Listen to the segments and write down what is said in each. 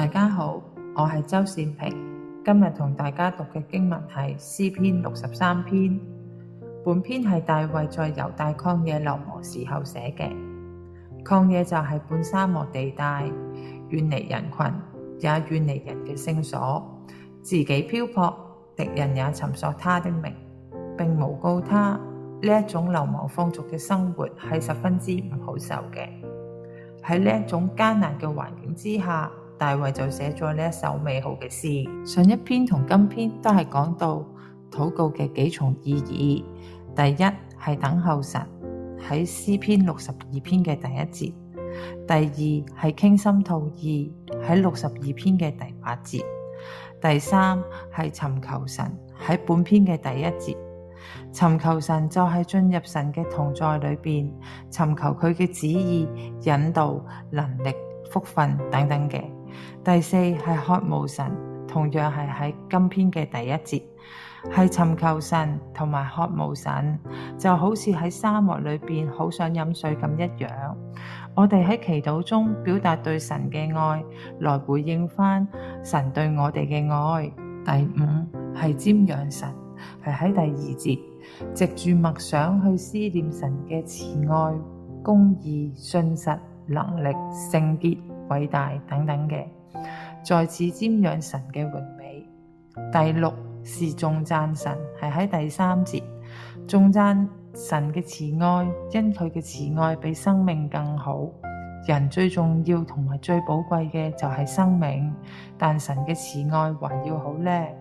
大家好，我係周善平。今日同大家讀嘅經文係詩篇六十三篇。本篇係大衛在猶大曠野流亡時候寫嘅。曠野就係半沙漠地帶，遠離人群，也遠離人嘅聖所。自己漂泊，敵人也尋索他的命，並誣告他，呢一種流亡放逐嘅生活係十分之唔好受嘅。喺呢一種艱難嘅環境之下。大衛就寫咗呢一首美好嘅詩。上一篇同今篇都係講到禱告嘅幾重意義。第一係等候神，喺詩篇六十二篇嘅第一節；第二係傾心吐意，喺六十二篇嘅第八節；第三係尋求神，喺本篇嘅第一節。尋求神就係進入神嘅同在裏邊，尋求佢嘅旨意、引導、能力、福分等等嘅。第四係渴慕神，同樣係喺今篇嘅第一節，係尋求神同埋渴慕神，就好似喺沙漠裏面好想飲水咁一樣。我哋喺祈禱中表達對神嘅愛，來回應返神對我哋嘅愛。第五係瞻仰神，係喺第二節，藉住默想去思念神嘅慈愛、公義、信實、能力、聖潔。偉大等等嘅，再次瞻仰神嘅榮美。第六是頌讚神，係喺第三節頌讚神嘅慈愛，因佢嘅慈愛比生命更好。人最重要同埋最寶貴嘅就係生命，但神嘅慈愛還要好咧。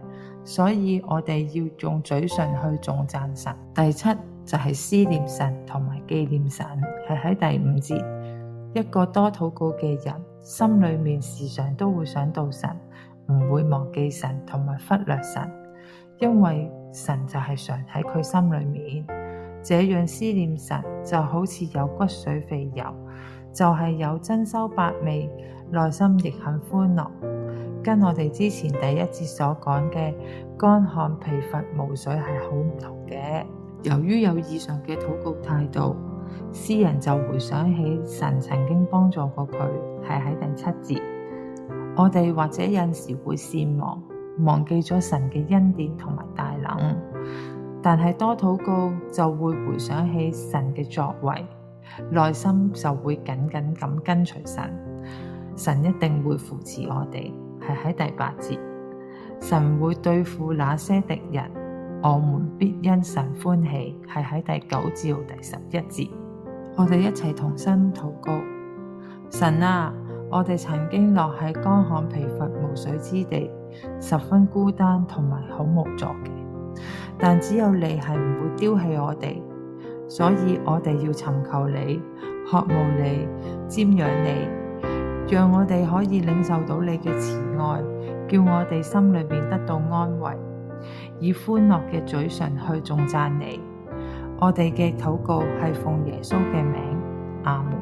所以我哋要用嘴唇去頌讚神。第七就係、是、思念神同埋紀念神，係喺第五節，一個多禱告嘅人。心裏面時常都會想到神，唔會忘記神同埋忽略神，因為神就係常喺佢心裏面。這樣思念神就好似有骨髓肥油，就係、是、有珍饈百味，內心亦很歡樂，跟我哋之前第一節所講嘅乾旱疲乏無水係好唔同嘅。由於有以上嘅禱告態度。詩人就回想起神曾經幫助過佢，係喺第七節。我哋或者有陣時會善忘，忘記咗神嘅恩典同埋大能。但係多禱告就會回想起神嘅作為，內心就會緊緊咁跟隨神。神一定會扶持我哋，係喺第八節。神會對付那些敵人。我們必因神歡喜，係喺第九至第十一節。我哋一齊同心禱告：神啊，我哋曾經落喺乾旱疲乏無水之地，十分孤單同埋好無助嘅。但只有你係唔會丟棄我哋，所以我哋要尋求你、渴慕你、瞻仰你，讓我哋可以領受到你嘅慈愛，叫我哋心裏面得到安慰。以歡樂嘅嘴唇去頌讚你，我哋嘅禱告係奉耶穌嘅名，阿門。